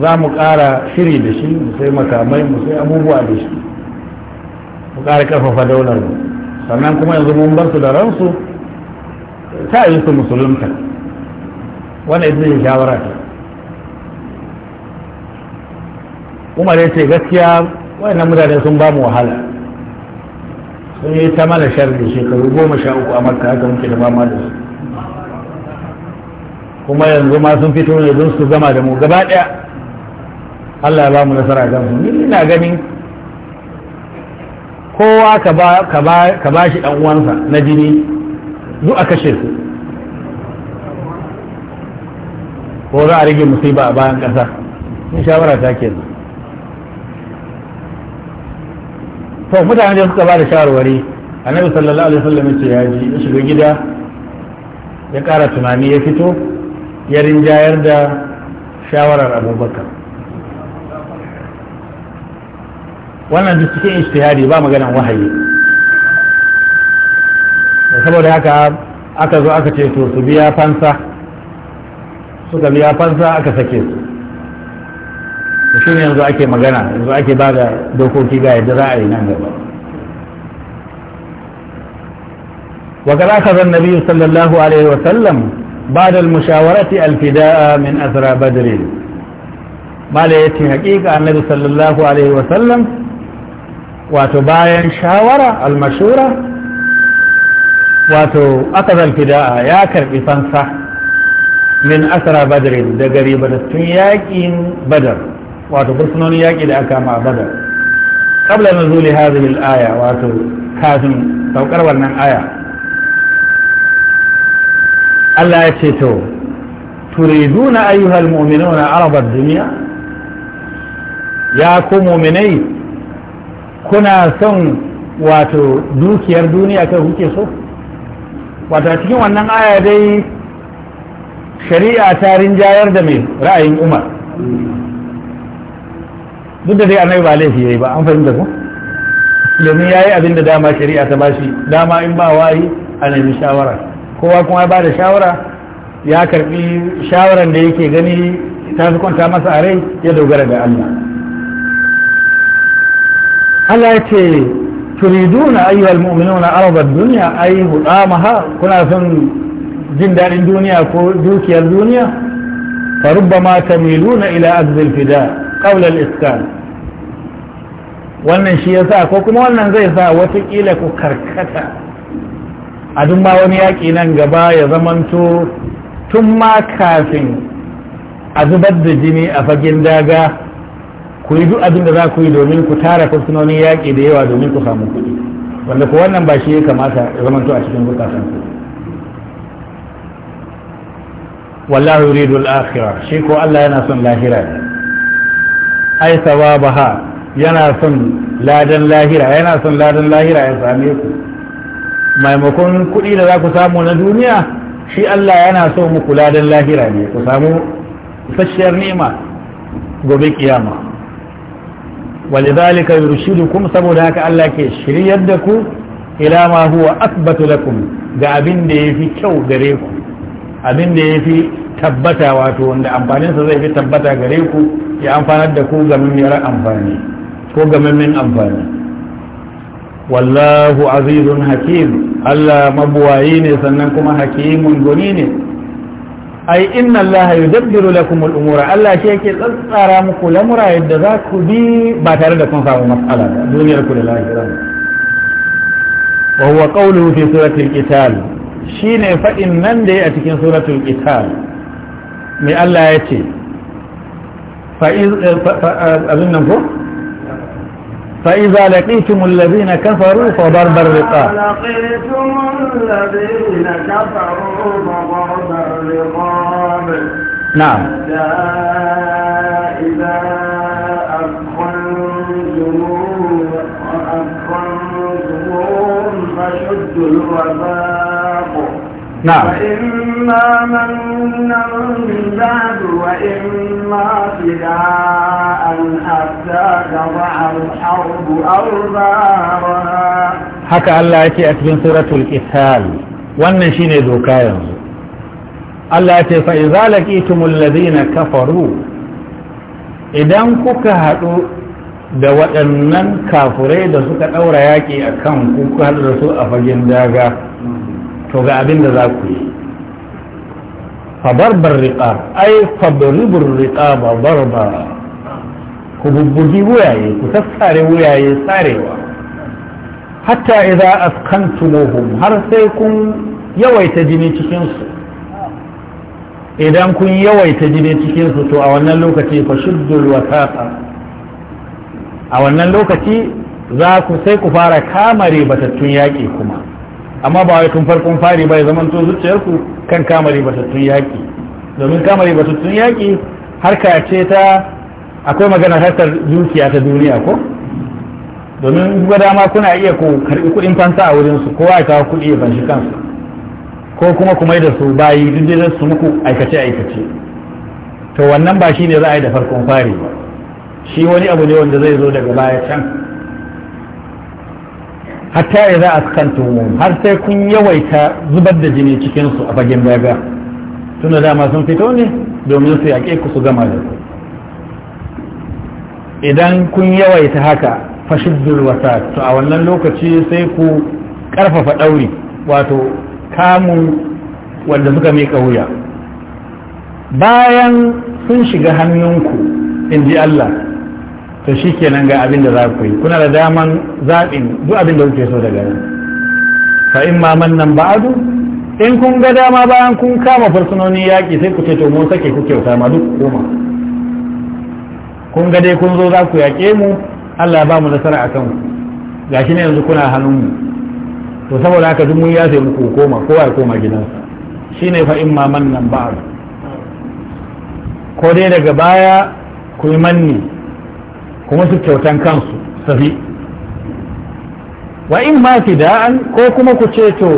za mu ƙara shiri da shi mu sai makamai mu sai abubuwa da shi mu ƙara ƙarfafa daular mu sannan kuma yanzu mun bar su da ransu ta yi su musulunta wannan ita ne shawara ta umar ya ce gaskiya wayannan mutane sun ba mu wahala sun yi ta mana sharri shekaru goma sha uku a makka haka muke da fama da su kuma yanzu ma sun fito ne don su gama da mu gaba daya Allah ya ba mu nasara ga ni ina ganin kowa ka ba shi dan uwansa na jini duk a kashe su ko za a rage musiba a bayan ƙasa in shawara ta ke to mutane da suka ba da shawarwari annabi sallallahu alaihi wasallam ya ce ya ji ya shiga gida ya ƙara tunani ya fito ya rinjayar da shawarar abubakar wannan duk cikin ijtihadi ba maganan wahayi saboda haka aka zo aka ce to su biya fansa suka biya fansa aka sake su shi ne yanzu ake magana yanzu ake ba da dokoki ga yadda za a yi nan gaba وقد أخذ النبي صلى الله عليه وسلم بعد المشاورة الفداء من أسرى بدر ما ليتي حقيقة النبي صلى الله عليه وسلم وتباين شاورة المشورة وأخذ الفداء يا كرب فانصح min asara badarin, da gari tun yakin badar wato fursunonin yaki da aka ma badar qabla na hadhihi al-aya wato kafin saukar wannan aya Allah ya ce to turiduna ayyuhal mu'minuna arabad duniya? ya ku mu'minai kuna son wato dukiyar duniya kai kuke so Wata cikin wannan aya dai shari'a ta rinjayar da mai ra'ayin umar duk da dai annabi ba laifi yayi ba an fahimta ko domin yayi abin da dama shari'a ta bashi dama in ba wayi a nemi shawara kowa kuma ya ba da shawara ya karbi shawaran da yake gani ta fi kwanta masa a rai ya dogara da Allah Allah ya ce turiduna ayyuhal mu'minuna arda dunya ay hudamaha kuna son jin daɗin duniya ko dukiyar duniya farubbama tamiluna ila azbil fida ƙaunar iskan wannan shi ya sa ko kuma wannan zai sa watakila ku karkata a duk ma wani yaƙi nan gaba ya zamanto tun ma kafin a zubar da jini a fagen daga ku yi duk abin da za ku yi domin ku tara fursunonin yaƙi da yawa domin ku samu kuɗi wanda ku wannan ba shi ya kamata ya zamanto a cikin zukatan wallahu yuridu al-akhirah shi ko Allah yana son lahira ne ai sawabaha yana son ladan lahira yana son ladan lahira ya same ku maimakon kuɗi da za ku samu na duniya shi Allah yana so muku ladan lahira ne ku samu fashiyar nema gobe kiyama walidhalika yurshidukum saboda haka Allah ke shiryar da ku ila ma huwa asbatu lakum ga abin da yafi kyau gare ku abin da ya fi tabbata wato wanda amfaninsa zai fi tabbata gare ku ya amfanar da ku gamammiyar amfani ko gamammin amfani wallahu azizun hakim Allah mabuwayi ne sannan kuma hakimun goni ne ai inna Allah yudabbiru lakum al-umura Allah ke yake tsatsara muku lamura yadda za ku bi ba tare da kun samu matsala duniyar ku da lahirar wa huwa qawluhu fi suratul qital shine faɗin nan da ya a cikin suratul qital mai Allah ya ce nan ko فإذا لقيتم الذين كفروا فضرب الرقاب لقيتم الذين كفروا فضرب الرقاب نعم إذا فشدوا الرقاب نعم وإما من بعد haka Allah ya ce a cikin suratul ishal wannan shine doka yanzu Allah ya ce fa idza laqitumul ladina kafaru idan kuka haɗu da waɗannan kafurai da suka ɗaura yaƙi akan kan haɗu da su a fagen daga to ga abin da za ku yi fabarbar riƙa ai fabarbar riƙa ba barba ku bubbugi wuyaye ku sassare wuyaye sarewa hatta idza askantumuhum har sai kun yawaita jini cikinsu idan kun yawaita jini cikinsu to a wannan lokaci fa shuddul wasaqa a wannan lokaci za ku sai ku fara kamare batattun yaƙi kuma amma ba wai tun farkon fari ba ya zaman to zuciyarku kan kamari batattun yaƙi domin kamari batattun yaƙi harka ce ta akwai magana harkar dukiya ta duniya ko domin ga dama kuna iya ku karɓi kuɗin fansa a wurin su kowa ya kawo kuɗi ya banshi kansu ko kuma kuma da su bayi duk da su muku aikace aikace to wannan ba shine za a yi da farkon fari ba shi wani abu ne wanda zai zo daga baya can hatta ya za a kantu har sai kun yawaita zubar da jini cikinsu a fagen daga tunda dama sun fito ne domin su yaƙe ku su gama da ku idan kun yawaita haka fashin wata to a wannan lokaci sai ku ƙarfafa ɗauri wato kamun wanda suka mika wuya bayan sun shiga hannunku in ji Allah to shi kenan ga abin da za ku yi kuna da daman zaɓin duk abin da kuke so daga nan fa in ma nan ba'adu in kun ga dama bayan kun kama fursunonin yaƙi sai ku ce to mun sake ku kyauta ma duk koma kun ga dai kun zo za ku yaƙe mu Allah ya ba mu nasara a kanku gashi ne yanzu kuna hannun mu to saboda haka duk mun yafe muku koma kowa ya koma gidansa shine fa in man nan ba'adu ko dai daga baya ku yi manni kuma su kyautan kansu safi wa in ma da'an ko kuma ku ce to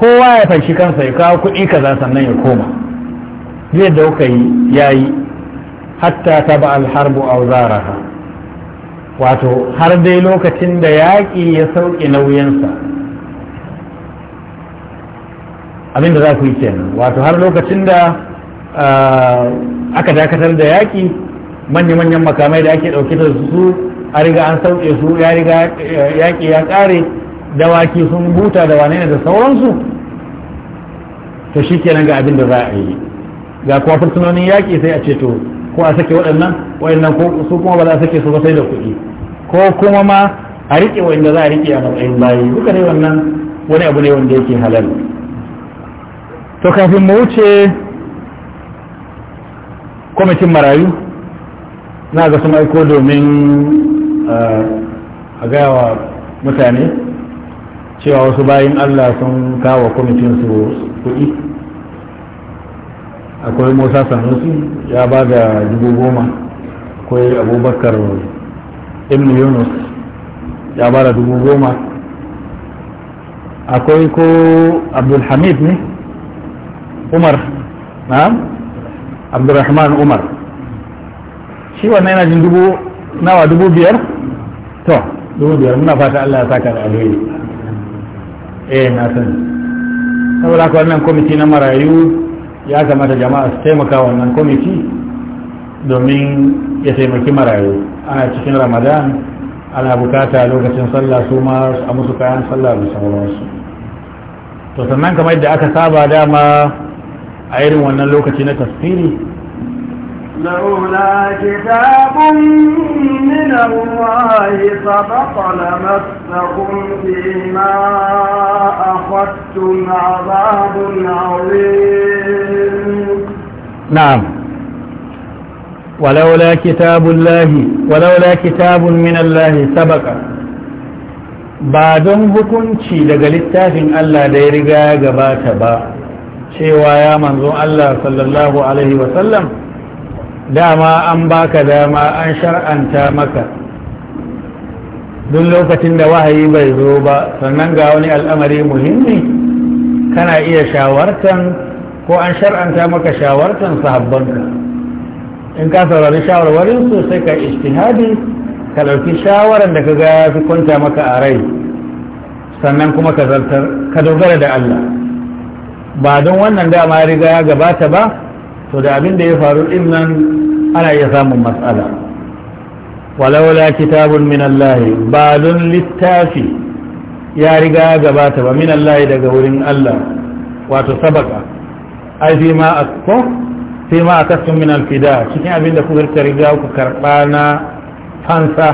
kowa ya fanshi kansa ya kawo kuɗi ka za sannan ya koma zai da kuka yi ya yi, hatta ta ba alharbu a ha wato har dai lokacin da yaƙi ya sauƙi nauyinsa abin da za ku yi kenan wato har lokacin da ah, aka dakatar da yaƙi manya-manyan makamai da ake ɗauke da su a riga an sauke su ya riga eh, yaƙi ya ƙare dawaki sun buta da wane da sauransu to shi kenan ga abin da za a yi ga kuma fursunonin yaƙi sai a ce to ko a sake waɗannan waɗannan ko su kuma ba za a sake su ba sai da kuɗi ko kuma ma a riƙe waɗanda za a riƙe a matsayin bayi duka dai wannan wani abu ne wanda yake halal to kafin mu wuce kwamitin marayu na ga sun aiko domin a gaya wa mutane cewa wasu bayan allah sun kawo su kuɗi akwai musa sanusi ya ba da dubu goma akwai abubakar ibn yunus ya ba da dubu goma akwai ko abdulhamid ne umar na abdulrahman umar shi wannan yana jin dubu nawa dubu biyar to dubu biyar muna fata Allah ya saka da alheri eh na san saboda ko wannan komiti na marayu ya kamata jama'a su taimaka wannan kwamiti domin ya taimaki marayu ana cikin ramadan ana bukata lokacin sallah su ma a musu kayan sallah da sauransu to sannan kamar yadda aka saba dama a irin wannan lokaci na tasiri لولا كتاب من الله سبق لمسهم فيما أخذتم عذاب عظيم نعم ولولا كتاب الله ولولا كتاب من الله سبق ba don hukunci daga littafin Allah da ya riga ya gabata ba cewa ya manzo Allah sallallahu Alaihi wasallam dama an baka dama an shar'anta maka duk lokacin da wahayi bai zo ba sannan ga wani al'amari muhimmi kana iya shawartan ko an shar'anta maka shawartan sahabbanka in ka saurari shawarwarin su sai ka istihadi ka ɗauki shawaran da ka ga fi kwanta maka a rai sannan kuma ka zartar ka dogara da Allah ba don wannan dama riga ya gabata ba to da abin da ya faru din nan ana iya samun matsala walaula kitabun min Allah ba don littafi ya riga gabata ba min Allah daga wurin Allah wato sabaka ai fi ma akko fi ma akasun min alfida cikin abin da kuka riga ku karba na fansa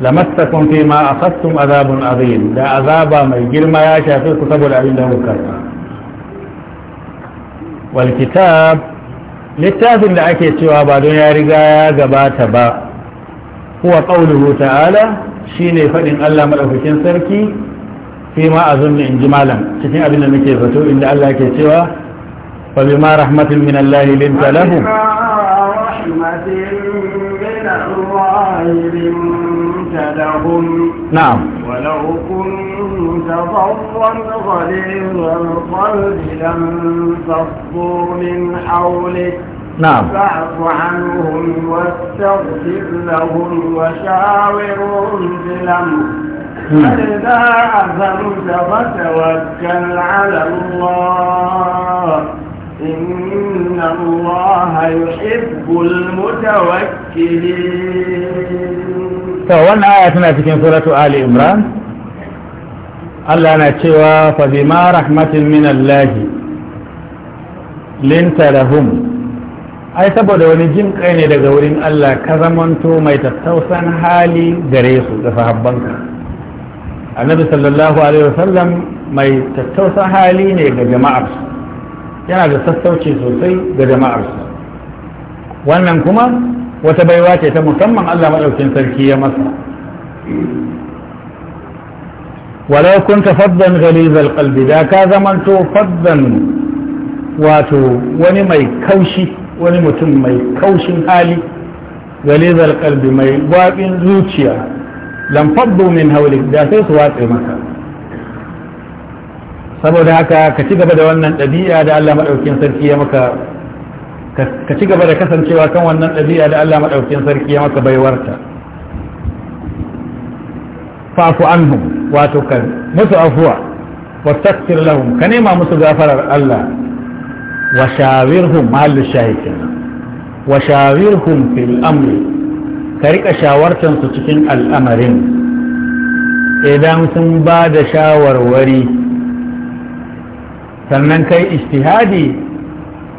lamassakum fi ma akhadtum azabun azim da azaba mai girma ya shafe ku saboda abin da kuka karba wal kitab littafin da ake cewa ba don ya riga ya gabata ba kuwa ƙaunuhu ta'ala shi ne faɗin Allah maɗaukakin sarki fi ma a zunni in ji malam cikin abin da muke zato inda Allah ke cewa fa bi ma rahmatin min Allah نعم ولو كنت ضرا غليظ القلب لم تصدوا من حولك نعم فاعف عنهم واستغفر لهم وشاورهم في الأمر نعم. فإذا عزمت فتوكل على الله إن الله يحب المتوكلين فوانا آياتنا في سورة آل إمران الله نتشوى فبما رحمة من الله لنت لهم ai saboda wani jin kai ne daga wurin Allah ka zamanto mai tattausan hali gare su da sahabbanka annabi sallallahu alaihi wasallam mai tattausan hali ne ga jama'ar su yana da sassauci sosai ga jama'arsu. wannan kuma wata baiwa ce ta musamman Allah maɗaukin sarki ya masa walau kunta faddan ghalizal qalbi da ka zamanto faddan wato wani mai kaushi wani mutum mai kaushin hali ghalizal qalbi mai gwabin zuciya lam faddu min hawlik da sai su watsa maka saboda haka ka ci gaba da wannan ɗabi'a da Allah maɗaukin sarki ya maka ka ci gaba da kasancewa kan wannan ɗabi'a da Allah maɗaukin sarki ya maka baiwarta fafu anhum wato ka musu afuwa wa takfir lahum ka nema musu gafarar Allah wa shawirhum mahallu shahikin wa shawirhum fil amri ka rika shawartansu cikin al'amarin idan sun ba da shawarwari sannan kai istihadi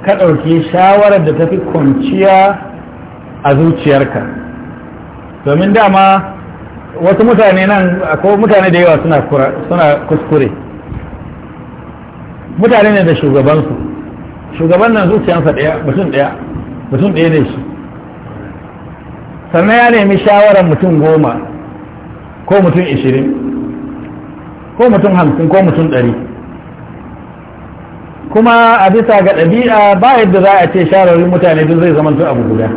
ka ɗauki shawarar da tafi kwanciya a zuciyarka domin dama wasu mutane nan ko mutane da yawa suna kuskure mutane ne da shugabansu shugaban nan zuciyarsa ɗaya mutum ɗaya mutum ɗaya ne shi sannan ya nemi shawarar mutum goma ko mutum ishirin ko mutum hamsin ko mutum ɗari kuma a bisa ga ɗabi'a ba yadda za a ce shararin mutane duk zai zama abu guda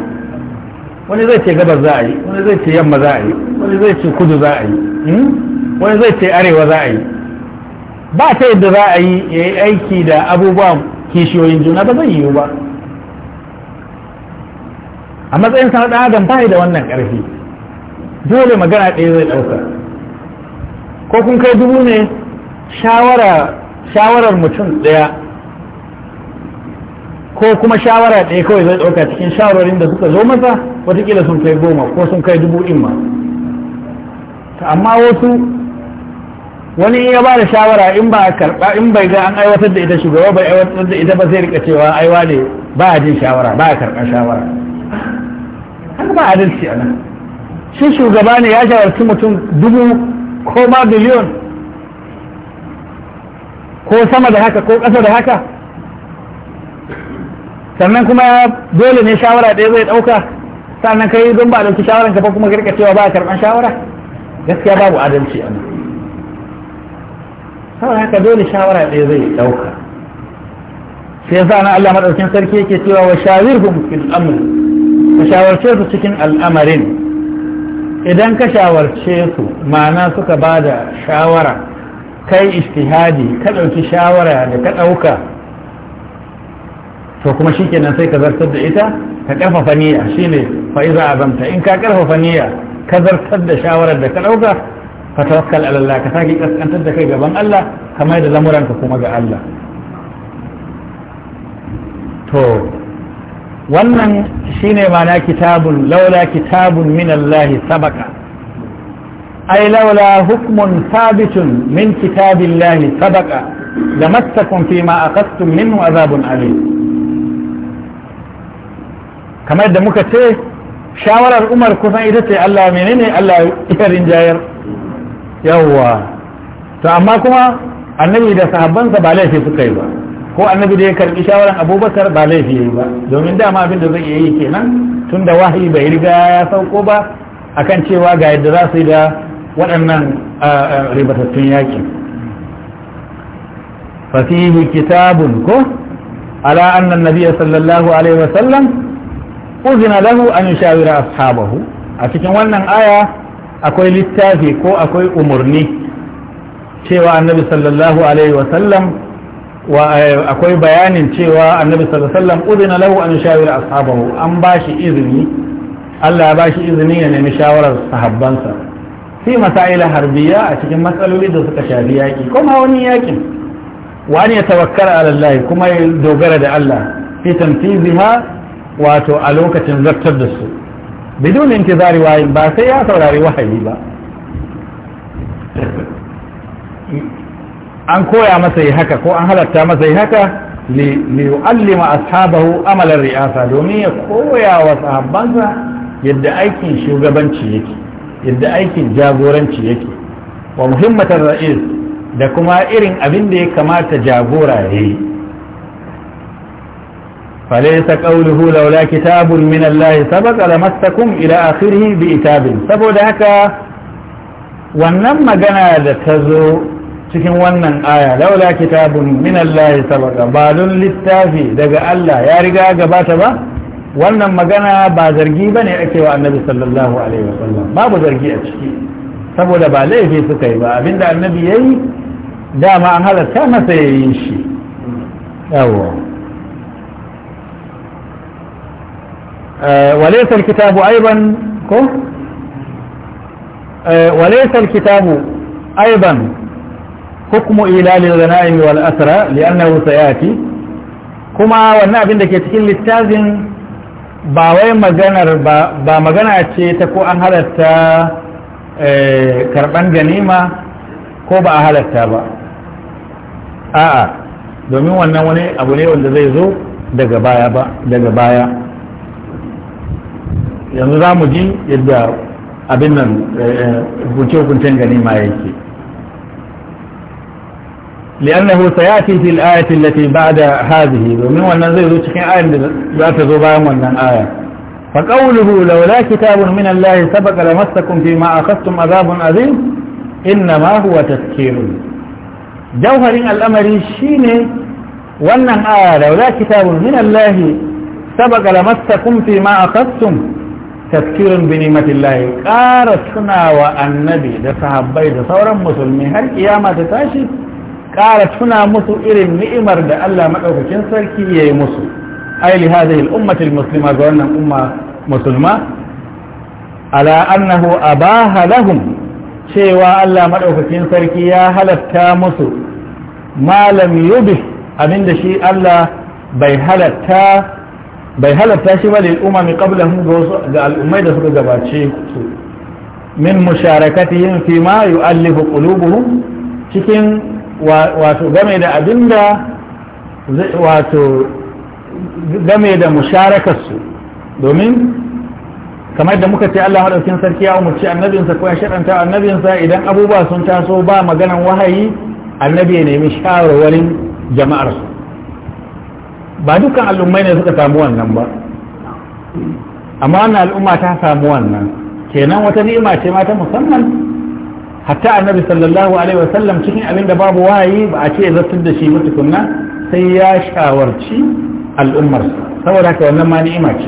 wani zai ce gabas za a yi wani zai ce yamma za a yi wani zai ce kudu za a yi hmm? wani zai ce arewa za a yi ba ta yadda za a yi ya yi aiki da abubuwan kishiyoyin juna ba zai yiwu ba a matsayin sana ɗan adam ba da wannan ƙarfi dole magana ɗaya zai ɗauka ko kun kai dubu ne shawarar mutum ɗaya ko kuma shawara ɗaya kawai zai ɗauka cikin shawarorin da suka zo masa watakila sun kai goma ko sun kai dubu ɗin ma amma wasu wani ya ba da shawara in ba karɓa in bai ga an aiwatar da ita shugaba bai aiwatar da ita ba zai rika cewa aiwa ne ba a jin shawara ba a karɓar shawara An ba adalci a nan shi shugaba ne ya shawarci mutum dubu ko ma biliyon ko sama da haka ko ƙasa da haka sannan kuma dole ne shawara ɗaya zai ɗauka sannan kai don ba a ɗauki shawaran ka kuma ka cewa ba a karɓar shawara gaskiya babu adalci a nan saboda haka dole shawara ɗaya zai ɗauka sai yasa na Allah madaukakin sarki yake cewa wa shawirhum fil amr ka shawarce su cikin al'amarin idan ka shawarce su ma'ana suka ba da shawara kai istihadi ka ɗauki shawara da ka ɗauka to kuma shi kenan sai ka zartar da ita ka ƙarfafa niyya shine ne fa'iza azamta in ka ƙarfafa niyya ka zartar da shawarar da ka ɗauka ka tawakkal Allah ka sake kaskantar da kai gaban Allah ka mai da lamuranka kuma ga Allah to wannan shine mana kitabun laula kitabun min Allah sabaka ai laula hukmun sabitun min kitabillahi sabaka lamattakum fima aqadtum minhu azabun alim kamar da muka ce shawarar umar kusan ita ce Allah menene Allah ya rinjayar yawwa to amma kuma annabi da sahabbansa ba laifi suka yi ba ko annabi da ya karbi shawarar abubakar ba laifi yayi ba domin dama abin da zai yi kenan tun da wahayi bai riga ya sauko ba akan cewa ga yadda za su yi da waɗannan ribatattun yaƙi fasihi kitabun ko ala annan nabiya sallallahu alaihi wasallam uzina lahu an yushawira ashabahu a cikin wannan aya akwai littafi ko akwai umurni cewa annabi sallallahu alaihi wa sallam wa eh, akwai bayanin cewa annabi sallallahu alaihi wa sallam uzina lahu an yushawira ashabahu an bashi izini Allah ya bashi izini ya nemi shawarar sahabbansa fi masaila harbiya a cikin matsaloli da suka shafi yaki ma wani yakin wani ya tawakkala ala Allah kuma ya dogara da Allah fi tanfiziha wato a lokacin zartar da su bidon intizari wayin ba sai ya saurari wahayi ba an koya masa yi haka ko an halatta masa yi haka li yu'allima ashabahu amalan ri'asa domin ya koya wa sahabbansa yadda aikin shugabanci yake yadda aikin jagoranci yake wa muhimmatar ra'is da kuma irin abin da ya kamata jagora yayi فليس قوله لولا كتاب من الله سبق لمسكم إلى آخره بإتاب سبب هكا wannan magana da ta zo cikin wannan aya laula kitabun min Allah sabaka ba don littafi daga Allah ya riga gabata ba wannan magana ba zargi bane ake wa annabi sallallahu alaihi wasallam babu zargi a ciki saboda ba laifi suka yi ba abinda annabi yayi dama an halatta masa yayin shi yawa وليس الكتاب أيضا وليس الكتاب أيضا حكم إيلال الغنائم والأسرى لأنه سيأتي كما وانا abin da ke cikin littafin ba wai ba magana ce ta ko an halatta karban ganima ko ba a halatta ba a'a domin wannan wani abu ne wanda zai zo daga baya ba daga baya yanzu za mu ji yadda abin nan eh, hukunce-hukuncen ganima yake لأنه سيأتي في الآية التي بعد هذه ومن وانا زي ذو شكين آية ذات زبان وانا آية فقوله لولا كتاب من الله سبق لمسكم فيما أخذتم عذاب عظيم إنما هو تذكير جوهر الأمر شين وانا آية لولا كتاب من الله سبق لمسكم فيما أخذتم tafkirin bi ni'matillahi ƙara wa annabi da sahabbai da sauran musulmi har kiyama ta tashi ƙara tuna musu irin ni'imar da Allah madaukakin sarki yayi musu ai li hadhihi al-ummati al ga wannan umma musulma ala annahu abaha lahum cewa Allah madaukakin sarki ya halatta musu malam yubih abinda shi Allah bai halatta bai halatta shi ba da al'umma mai kabla ga al'ummai da suka gabace su min musharakatihim fi ma yu'allifu qulubuhum cikin wato game da abinda wato game da musharakarsu domin kamar da muka ce Allah madaukin sarki ya umarci annabinsa ko ya annabinsa idan abubuwa sun taso ba maganan wahayi annabi ya nemi shawarwarin jama'arsu ba dukkan al'ummai ne suka samu wannan ba amma wannan al'umma ta samu wannan kenan wata ni'ima ce ma ta musamman hatta annabi sallallahu alaihi wa sallam cikin abin da babu wayi ba a ce zartar da shi mutukunna sai ya shawarci al'ummar saboda haka wannan ma ni'ima ce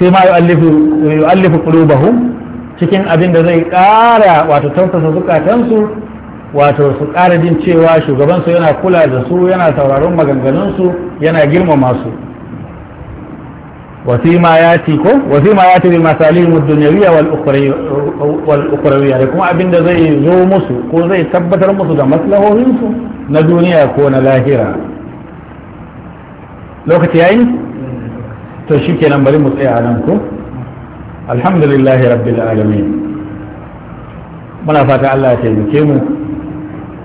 sai ma yu'allifu qulubahum cikin abin da zai kara wato tausasa zukatansu wato su ƙara jin cewa shugabansu yana kula da su yana sauraron maganganunsu yana girmama su wasima ya ci ko wasima ya ci bi masalimu dunyawiya wal ukhrawiyya da kuma abinda zai zo musu ko zai tabbatar musu da maslahohinsu na duniya ko na lahira lokaci yayin to shikenan bari mu tsaya nan ko alhamdulillahi rabbil alamin muna fata Allah ya taimake mu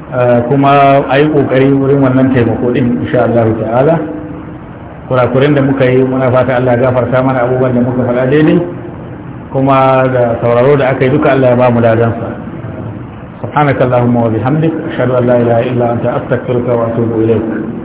Eh, kuma a yi ƙoƙari wurin wannan taimako ɗin insha Allah ta'ala kurakurin da muka yi muna fata Allah gafarta mana abubuwan da muka faɗa daidai kuma da sauraro da aka yi duka Allah ya ba mu dadansa subhanakallahumma wa bihamdik ashhadu an la ilaha illa anta astaghfiruka wa atubu ilaik